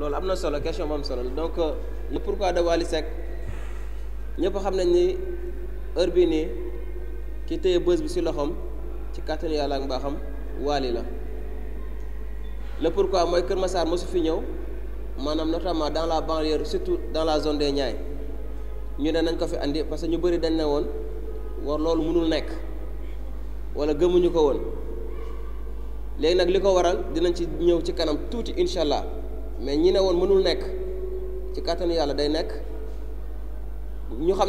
loolu am na solo question moom solo donc euh, le pourquoi de Wally Seck ñëpp xam nañ ni heure bii nii ki téye bës bi ci loxom ci kàttanu yàlla ak mbaaxam Wally la le pourquoi mooy Kër Massar mosu fi ñëw maanaam notamment dans la banlieue surtout dans la zone des Niayes ñu ne nañ ko fi andi parce que ñu bëri dañ ne woon war loolu mënul nekk wala gëmuñu ko woon léegi nag li ko waral dinañ ci ñëw ci kanam tuuti incha allah mais ñi ne woon mënul nek ci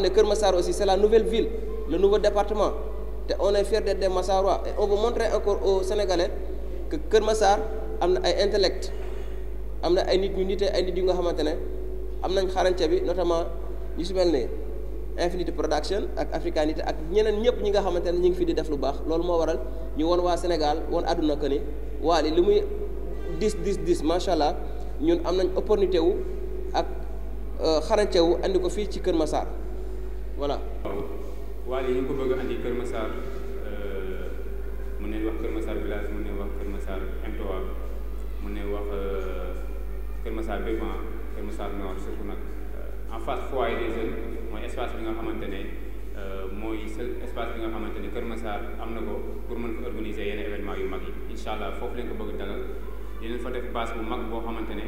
day aussi c'est la nouvelle ville le nouveau département on est fier d'être des Massarois et on veut montrer encore aux Sénégalais que keur Massar am intellect ay nit notamment ñu Production ak Africanité ak ñeneen ñëpp ñi nga ngi fi di def lu baax loolu Sénégal won aduna que ni dis dis dis ñun am nañ opportunité wu ak euh, xarañte indi ko fii ci Kër masaa voilà. waaw li ñu ko bëgg a andi Kër Massar euh, mun nañ wax Kër Massar village mun nañ wax Kër Massar MTOA mun nañ wax euh, Kër Massar Béban Kër Massar Nord surtout nag en face foyer des jeunes mooy bi nga xamante ne. mooy seul espace bi nga xamante ne Kër Massar am na ko pour mën ko organiser yenn événement yu mag yi incha allah foofu lañ ko bëgg dalal dinañ fa def base bu mag boo xamante ne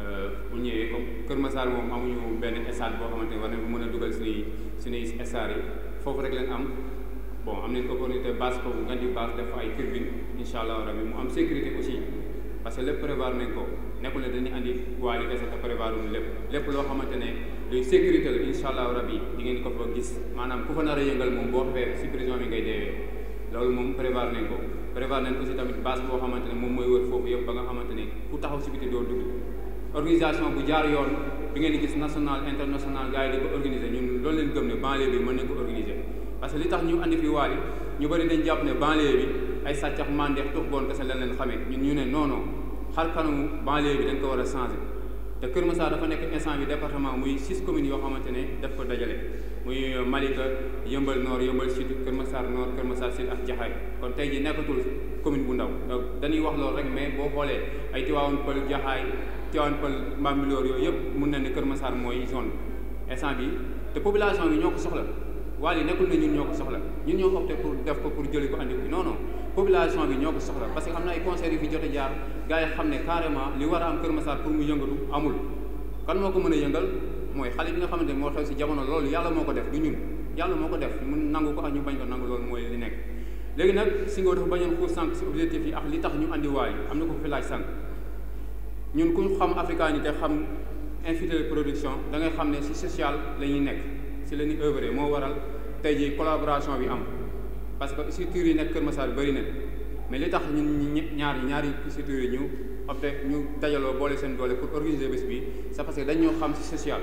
euh, bu ñëwee comme Kër Massar moom amuñu benn estade boo xamante ne war nañ mën a dugal suñuy suñuy estades yi foofu rek leen am boo am ne nañ opportunité base foofu nga di base def ay turbine incha allah rabi mu am sécurité aussi parce que lépp prévoir nañ ko nekkul ne dañuy indi waa li kese te prévoir wuñ lépp lépp loo xamante ne luy sécurité la incha allah rabi di ngeen ko fa gis maanaam ku fa nar a yëngal moom boo xamee ngay deewee loolu moom prévoir nañ ko. prévoir nañ aussi tamit base boo xamante ne moom mooy wër foofu yëpp ba nga xamante ne ku taxaw si biti doo dugg organisation bu jaar yoon bi ngeen di gis national international gars yi di ko organiser ñun loolu leen gëm ne banlieue bi mën nañ ko organiser parce que li tax ñu andi fi waali ñu bëri dañ jàpp ne banlieue bi ay sàccax mandeex tux boon kese lañ leen xamee ñun ñu ne non non xar kanamu banlieue bi dañ ko war a changer te Kër Massar dafa nekk instant bi département muy six communes yoo xamante ne daf ko dajale muy euh, Malika yëmbal nord yëmbal sud Kër Massar nord Kër Massar sud ak Jaxaay kon tey ji nekkatul commune bu ndaw dañuy wax loolu rek mais boo xoolee ay Tivaouane Pël Jaxaay Tivaouane Pël Mbambilor yooyu yëpp mun na ne Kër Massar mooy zone instant bi te population bi ñoo ko soxla waa li nekkul ne ñun ñoo ko soxla ñun ñoo opté pour def ko pour jëli ko andi ko non non bi ñoo ko soxla parce que am na ay conseils yu fi jot a jaar gars yi xam ne carrément li war a am Kër Massar pour mu amul kan moo ko mën a yëngal mooy xale bi nga xamante moo xew si jamono loolu yàlla moo ko def du ñun yàlla ko def mun nangu ko ak ñu bañ ko nangu loolu mooy li nekk léegi nag si nga dafa bañoon xuus sànq si objectif yi ak li tax ñu andi waay am na ko fi laaj sànq ñun ku xam africanité xam infidèle production da ngay xam ne si social la ñuy nekk si la ñuy œuvrer moo waral tey jii collaboration bi am parce que structures yi nekk Kër Massar bëri na mais li tax ñun ñaar ñaari structures yi ñu opté ñu dajaloo boole seen doole pour organiser bés parce que dañ ñoo xam si social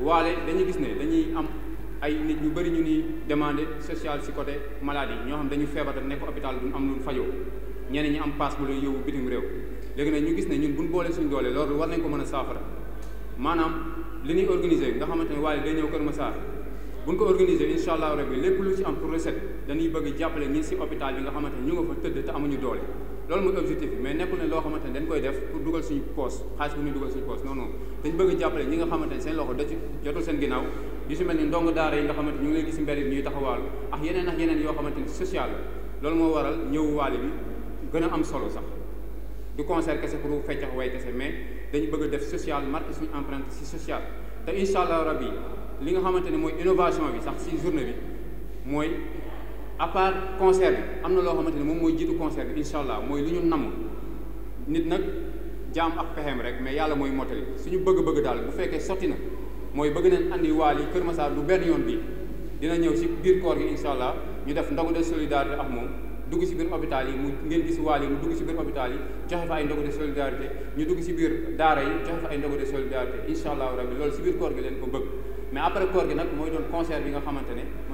waale dañu gis ne dañuy am ay nit ñu bari ñu ni demande sociale si côté maladie ñoo xam dañu feebar dafa nekk hôpital duñ am lu fajoo ñeneen ñi am paas bu leen yóbbu bitim réew léegi nag ñu gis ne ñun buñ boolee suñu doole loolu war nañ ko mën a saafara maanaam li ñuy organiser nga xamante ne waale day ñëw Kër Massar buñ ko organiser incha allah rabbi lépp lu ci am pour recette dañuy bëgg jàppale ñi si hôpital bi nga xamante ne ñu nga fa tëdd te amuñu loolu mooy objectif mais nekkul ne loo xamante ne dañ koy def pour dugal suñu poos xaalis bu ñuy dugal suñu poos non non dañ bëgg jàppale ñi nga xamante ne seen loxo da ci jotul seen ginnaaw yu si mel ni ndong daara yi nga xamante ñu ngi gis mbedd yi ñuy taxawaalu ak yeneen ak yeneen yoo xamante social loolu moo waral ñëw waale bi gën a am solo sax du concert kese pour feccax way kese mais dañu bëgg a def social marqué suñu empreinte si social te incha allah rabbi li nga xamante ne mooy innovation bi sax si journée bi mooy à part concert am na loo xamante ni moom mooy jiitu concert bi incha allah mooy lu ñu namm nit nag jaam ak pexeem rek mais yàlla mooy mottali suñu bëgg-bëgg daal bu fekkee sotti na mooy bëgg neen andi waal yi Kër Massar du benn yoon bii dina ñëw si biir koor gi incha allah ñu def ndogu de solidarité ak moom dugg si biir hôpital yi mu ngeen gis waal yi mu dugg si biir hôpital yi joxe fa ay ndogu de solidarité ñu dugg si biir daara yi joxe fa ay ndogu si biir koor gi leen ko bëgg mais après koor gi nag bi nga xamante ne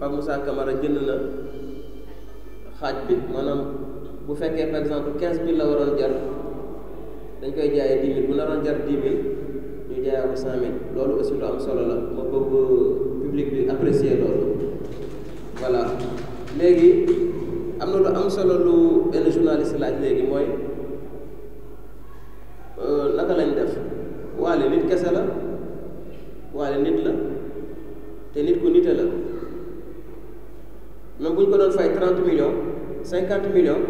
Pape Moussa Camara jënd na xaaj bi maanaam bu fekkee par exemple quinze mille la waroon jar dañ koy jaayee di mille bu naroon jar dix mille ñu jaayee ko cent mille loolu aussi lu am solo la ma bëgg public bi apprécier loolu voilà léegi am na lu am solo lu benn journaliste laaj léegi mooy 30 millions 50 millions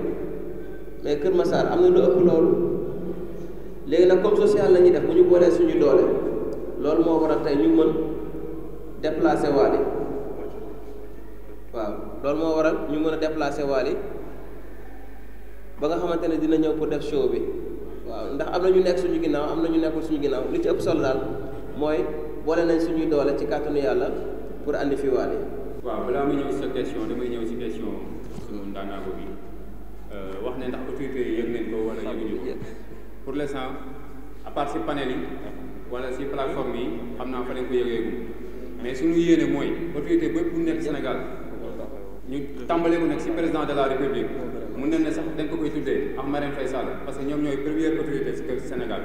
mais Kër Massar am na lu ëpp loolu léegi nag comme social la ñuy def bu ñu boolee suñuy doole loolu moo waral tey ñu mën déplacé Wally waaw loolu moo waral ñu mën a déplacé Wally ba nga xamante ne dina ñëw pour def show bi waaw ndax am na ñu nekk suñu ginnaaw am na ñu nekkul suñu ginnaaw li ci ëpp solo daal mooy boole nañ suñuy doole ci kàttanu yàlla pour indi fi Wally waaw balaa ma ñëw sa question damay ñëw si question sunu ndaanaango bi euh, wax ne ndax autorité yi yëg nañ ko wala yëguñu ko pour l'instant à part si panel yi wala si plateforme yi xam naa fa lañ ko yëgeegu mais suñu yéene mooy autorité bépp bu nekk Sénégal ñu tàmbale ko nag si président de la république mun nañ ne sax dañ ko koy tuddee ak Marème Faye Sall parce que ñoom ñooy première autorité si kër Sénégal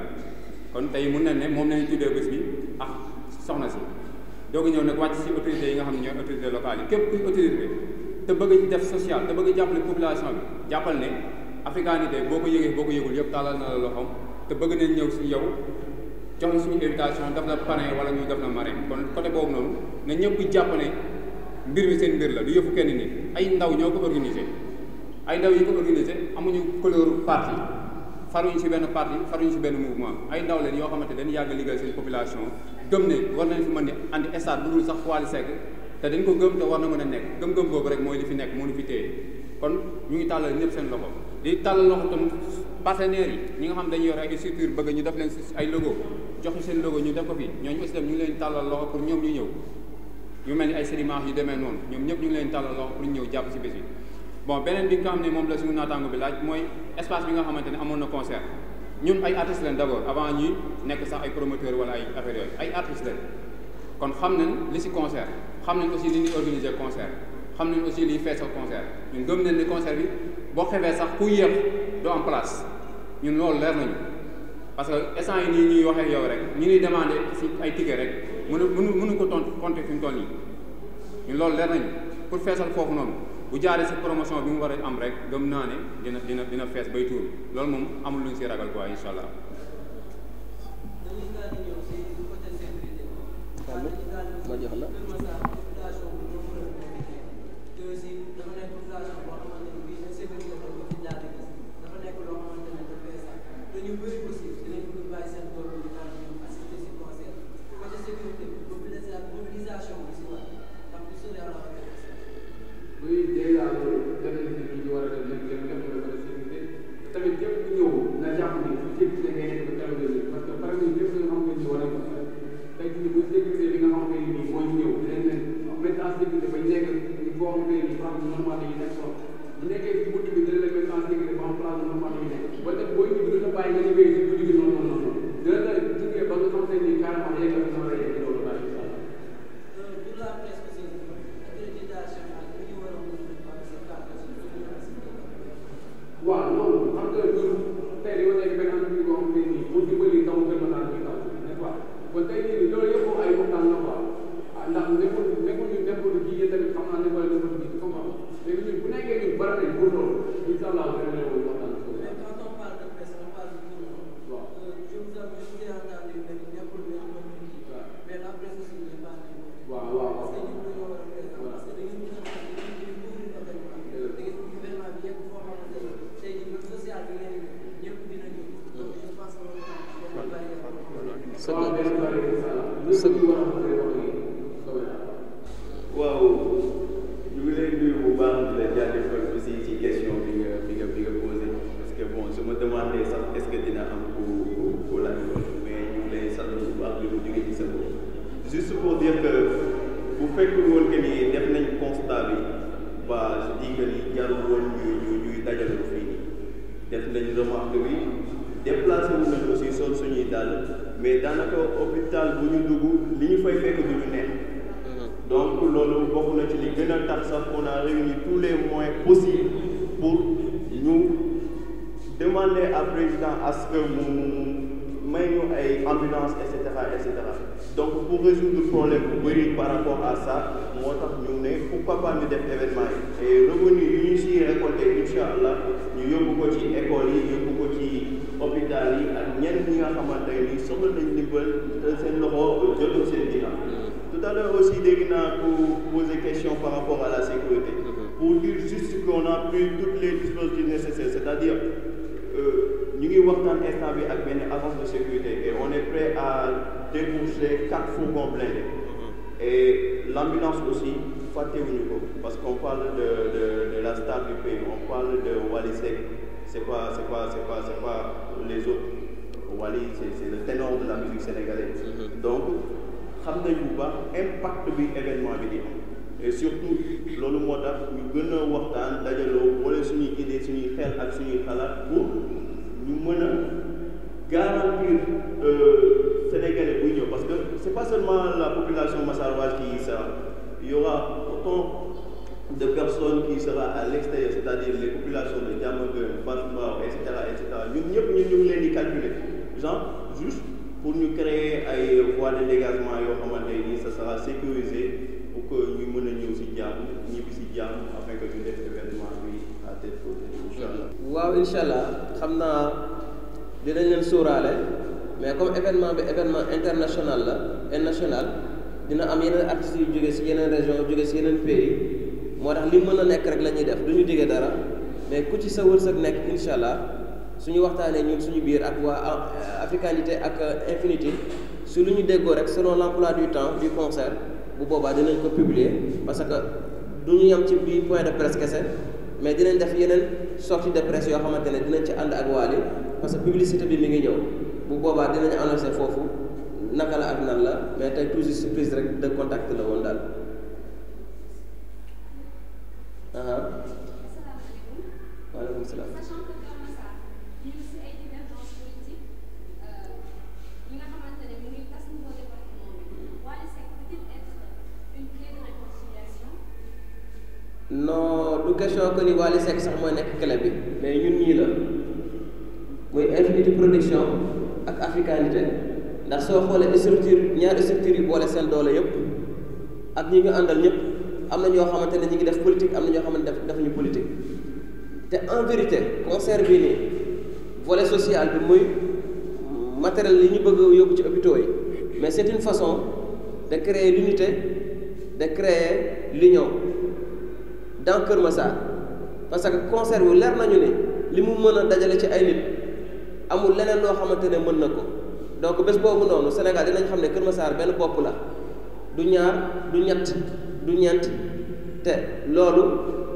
kon tey mun nañ ne moom lañu tuddee bés bi soxna si dooga ñëw nag wàcc si autorités yi nga xam ne ñooy autorité locale yi képp kuy autorité te bëgg def social te bëgg jàppale population bi jàppal ne africanité boo ko yëgee boo ko yëgul yëpp tàllal na la loxoom te bëgg nañ ñëw si yow jox na suñu invitation daf la parrain wala ñu def la marraine kon côté boobu noonu na ñëpp jàppale mbir mi seen mbir la du yëfu kenn nit ay ndaw ñoo ko organisé ay ndaw yi ko organisé amuñu couleur parti faruñu ci benn parti faruñu ci benn mouvement ay ndaw leen yoo xamante dañ yàgg liggéey seen population gëm ne war nañ fi mën ne andi état bu dul sax Wally Seck te dañ ko gëm te war na mën a nekk gëm-gëm boobu rek mooy li fi nekk moo ñu fi téye kon ñu ngi tàllal ñëpp seen loxo di tàllal loxo tam partenaires yi ñi nga xam dañuy yor ay structure bëgg ñu def leen ay logo joxe seen logo ñu def ko fii ñooñ aussi tam ñu ngi leen tàllal pour ñu ñëw ñu mel ni ay sédiments demee noonu ñoom ñëpp ñu leen tàllal loxo pour ñu ñëw ci bés bi bon benen bi nga bi laaj espace bi nga concert artistes d'abord avant nous, nek sax ay promoteurs wala ay affaire yoy ay artistes Nous kon xam li ci concert aussi li organiser concert aussi concert gëm concert bi sax ku Nous place ñun lool nous parce que nous yi ñuy waxe yow rek nous ci ay pour nous bu jaaree sa promotion bi mu war a am rek gëm naa dina dina dina fees bay tuur loolu moom amul luñ si ragal quoi incha allah. kon tey jii loolu yëpp ay waxtaan la quoi ndax demandé sax est-ce que dina am ku ku laaj mais ñu lay sant bu baax di ko jóge ci sa bo juste pour dire que bu fekk woon que ni def nañ constat bi ba je dis que ni jarul woon ñu ñu ñuy dajalu fi def nañ remarque bi déplacer wu nañ aussi sol suñuy dal mais daanaka hôpital bu ñu dugg li ñu fay fekk du ñu neex mhm. donc loolu bokk na ci li gën a tax sax on a réuni tous les moyens possibles demandé à président à ce que mu may ambulance et cetera donc pour résoudre le problème par rapport à ça moi ñu ne pourquoi pas ñu des événement et revenu ici ñu si récolté incha allah ñu yóbbu ko ci école yi yóbbu ko ci hôpital yi ak ñenn ñi nga xamante ni soxla nañ ndimbal seen loxo jotul seen tout à l'heure aussi dégg naa ku poser question par rapport à la sécurité mm-hmm. pour dire juste qu'on a pris toutes les dispositions nécessaires c'est-à-dire qui waxtan instant bi ak benn agence de sécurité et on est prêt à débourser quatre fourgons blindés mm-hmm. et l'ambulance aussi fàttewuñu ko parce qu'on parle de de de la star du pays on parle de Wally Seck c'est pas c'est pas c'est pas c'est pas les autres Wally c'est le ténor de la musique sénégalaise mm-hmm. donc xam nañ bu baax impact bi événement bi di et surtout loolu moo tax ñu gën a waxtaan dajaloo wala suñuy idée suñuy xel ak suñuy xalaat pour nous mën garantir garantir euh, sénégalais buy parce que c'est pas seulement la population massaroise qui y sera il y aura autant de personnes qui sera à l'extérieur c'est-à-dire les populations de Diamogue, de etc. etc cetera Nous nous ñun calculer genre juste pour nous créer des voies de dégagement ça sera sécurisé pour que nous puissions aussi ñëw ci puissions afin que nous def waaw incha allah xam dinañ mais comme événement international et national dina am artistes région pays moo tax li rek la def dara mais ku ci sa wërsëg nekk incha suñu ñun suñu selon l'emploi du temps du concert bu boobaa dinañ publier parce que du ñu ci point de presse mais dinañ def yeneen sortie de presse yoo xamante ne dinañ ci ànd ak waali parce que publicité bi mu ngi ñëw bu boobaa dinañ annoncé foofu naka la ak nan la mais tey toujours surprise rek de contact la woon daal aha du question que ni Wally Seck sax mooy nekk clé bi mais ñun ñii la muy infinity production ak africanité ndax soo xoolee structure ñaari structure yi boole seen doole yëpp ak ñi ñu àndal ñëpp am na ñoo xamante ne ñi ngi def politique am na ñoo xamante ne defuñu politique te en vérité concert bii nii volet social bi muy matériel yi ñu bëgg a yóbbu ci hôpitaux yi mais c'est une façon de créer l'unité de créer l'union dans Kër Massar parce que concert bi leer nañu ni li mu mën a dajale ci ay nit amul leneen loo xamante ne mën na ko donc bés boobu noonu Sénégal dinañ xam ne Kër saar benn bopp la du ñaar du ñett du ñeent te loolu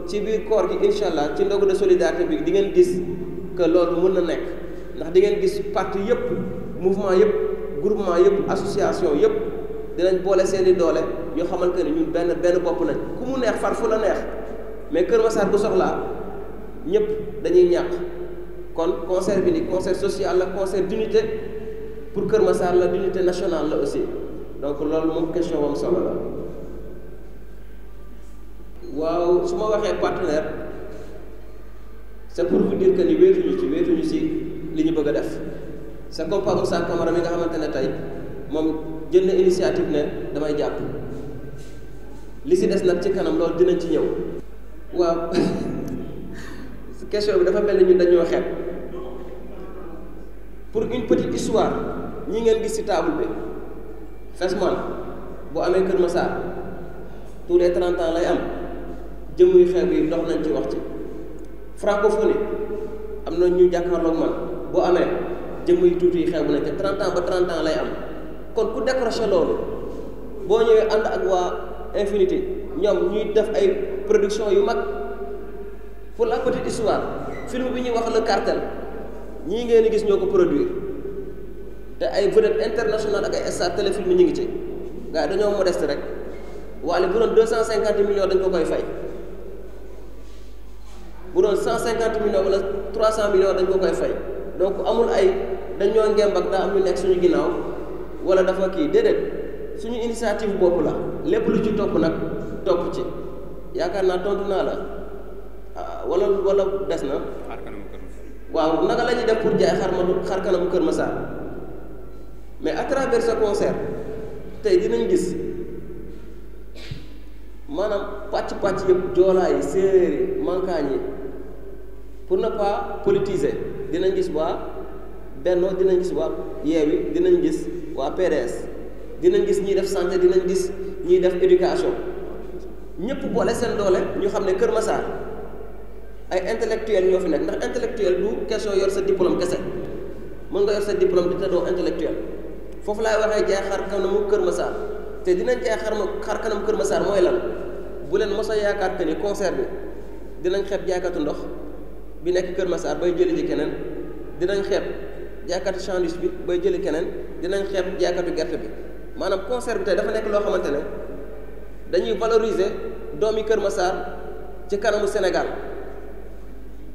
ci biir koor gi incha allah ci ndogu de solidarité bi di ngeen gis que loolu mën na nekk ndax di ngeen gis parti yëpp mouvement yëpp groupement yëpp association yëpp dinañ boole seeni doole ñu xamal que ni ñun benn benn bopp nañ ku mu neex far fu la neex. mais Kër Massar bu soxlaa ñëpp dañuy ñàkk kon concert bi ni concert social la concert d'unité pour Kër Massar la d'unité national la aussi donc loolu moom question moom solo la waaw su ma waxee partenaire c'est pour vous dire que ni wéetuñu ci wéetuñu ci li ñu bëgg a def sa comme Pape Moussa Camara nga xamante ne tey moom jël na initiative ne damay jàpp li si des nag ci kanam loolu dinañ ci ñëw waaw question bi dafa mel ni ñun dañoo xeeb pour une petite histoire ñi ngeen gis ci table bi Fesmal bu amee Kër Massar tous les 30 lay am jëmm yu xeeb yi dox nañ ci wax ci francophonie am na ñu jàkkaarloog man boo amee jëm yu tuuti yi xeeb nañ te 30 ans ba 30 ans lay am kon ku décroché loolu boo ñëwee ànd ak waa infinité ñoom ñuy def ay. production yu mag pour la petite histoire film bi ñuy wax le cartel ñi ngeen di gis ñoo ko produire te ay vedette international ak ay star téléfilm ñu ngi ci gars yi dañoo modeste rek waale bu doon deux cent cinquante dañ koo koy fay bu doon cent cinquante millions wala trois cent millions dañ koo koy fay donc amul ay dañoo ngemb ak daa am ñu nekk suñu ginnaaw wala dafa kii déedéet suñu initiative bopp la lépp lu ci topp nag topp ci yaakaar naa tontu naa la ah, wala wala des na. waaw naka la ñuy def pour jaay xar ma xar kanamu Kër Massar mais à travers ce concert tey dinañ gis maanaam pàcc-pàcc yëpp joolaa yi séeréer mankaañ yi pour ne pas politiser dinañ gis waa Benno dinañ gis waa Yewwi dinañ gis waa PDS dinañ gis ñiy def santé dinañ gis ñiy def éducation. ñëpp boole seen doole ñu xam ne Kër Massar ay intellectuel ñoo fi nekk ndax intellectuel du question yor sa diplôme kese mën nga yor sa diplôme di te doo intellectuel foofu laay waxee jaay xar kanamu Kër Massar te dinañ jaay xar ma xar kanam Kër Massar mooy lan bu leen mos a yaakaar que ni concert bi dinañ xeeb jaaykatu ndox bi nekk Kër Massar bay jëli ji keneen dinañ xeeb jaaykatu sandwich bi bay jëli keneen dinañ xeeb jaaykatu gerte bi maanaam concert bi tey loo xamante ne dañuy valoriser. doomi Kër Massar ci kanamu Sénégal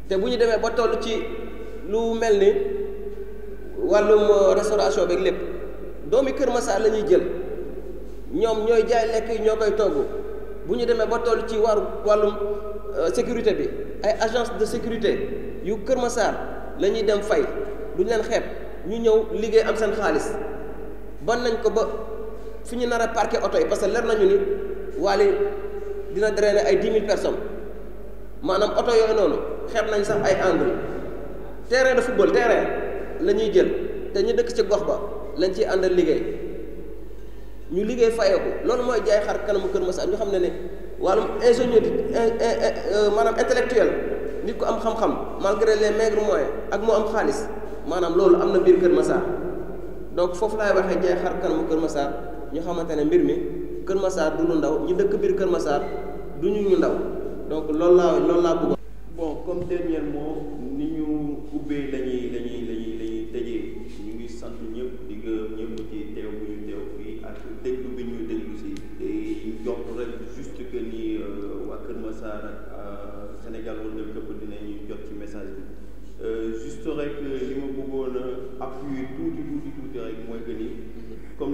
te bu ñu demee ba toll ci lu mel ni wàllum restauration beeg lépp doomi Kër Massar la ñuy jël ñoom ñooy jaay lekk yi ñoo koy togg bu ñu demee ba toll ci waru wàllum euh, sécurité bi ay agence de sécurité yu Kër Massar la ñuy dem fay duñ leen xeeb ñu ñëw liggéey am seen xaalis ban nañ ko ba fi ñu nar a parqué oto yi parce que leer nañu ni waali dina drainer ay dix mille personnes maanaam oto yooyu noonu xeeb nañ sax ay engrais terrain de football terrain la ñuy jël te ñu dëkk ci gox ba lañ ciy àndal liggéey ñu liggéey fayeeku loolu mooy jaay xar kanamu Kër Massar ñu xam ne ne wàllum ingénieur euh, maanaam intellectuel nit ku am xam-xam malgré les maigres ak moo am xaalis maanaam loolu am na biir Kër Massar donc foofu laay waxee jaay xar kanamu Kër Massar ñu xamante ne mbir mi. Kër Massar du ñu ndaw ñi dëkk biir Kër Massar ñu ndaw donc loolu laa loolu laa bon comme dernier mot ni ñu ubbee ngi ñëpp ñëpp ci ñu déglu bi ñu déglu rek juste que ni euh, Massar ak euh, Sénégal jot ci message euh, juste rek tout, tout, tout, que ni comme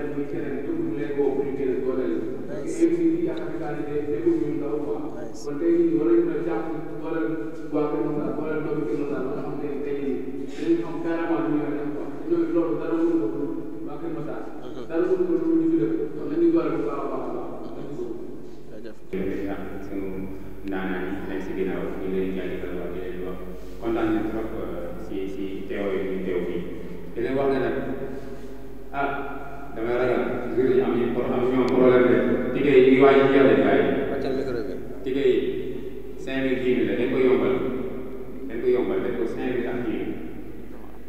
kon tey jii war nañu mën a jàpp wala waa Kër Masar wala doomu Kër Masar ba nga xam ne tey jii dañu xam carrément li ñu war a def quoi ñoom loolu dara mënu ko pour waa Kër Masar. dara mënu ko pour ñu fi def kon nañu war a bu baax a baax a baax. jaajëf. sunu ndaanaan yi nekk si ginnaaw ñu leen jaajëfal wax di leen wax kontaan nañ trop euh, si si teew yi ñu teew fii di leen wax ne nag ah.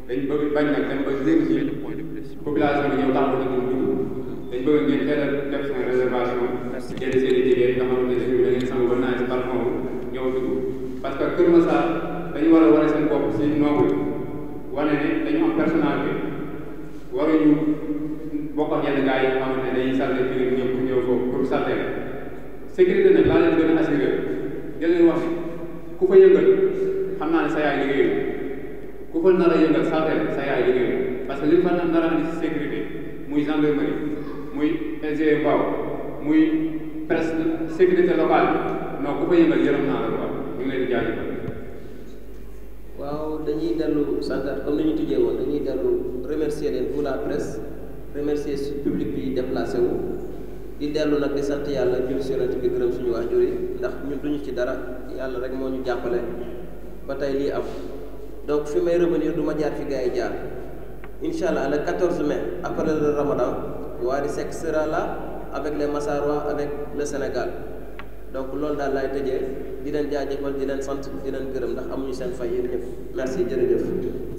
dañ bëgg bañ nag dem ba léegi ci population bi ñëw taxawu nañu dugg dañ bëgg ngeen teel a def seen réservation jënd seen i jigéen nga xamante ne suñu da ngeen sangu ba naan si balcon ñëw dugg parce que Kër Massar dañu war a wane seen bopp si nombre wane ne dañu am personnalité waruñu bokk ak yenn gars yi nga xamante ne dañuy sàlle ci ñëw ñëw foofu pour sàlle sécurité nar a yëngal santeel sa yaay liggéey parce que li fa nar a andi si sécurité muy gendarmerie muy SDE Mbao muy presque sécurité locale bi non ku fa yëngal yërëm naa la quoi ñu ngi leen di jaajëfal waaw dañuy dellu santaat comme ni ñu tijjee woon dañuy dellu remercier leen pour la presse remercier su public bi yàlla jur si yonent ndax ñun duñu ci dara yàlla rek moo ñu jàppale ba tey lii am donc fi may revenir du ma jaar fi le 14 mai après le ramadan Wally Seck sera là avec les Massarois avec le Sénégal donc loolu dal lay tejé di len di len sante di len gërëm ndax amuñu merci jërëjëf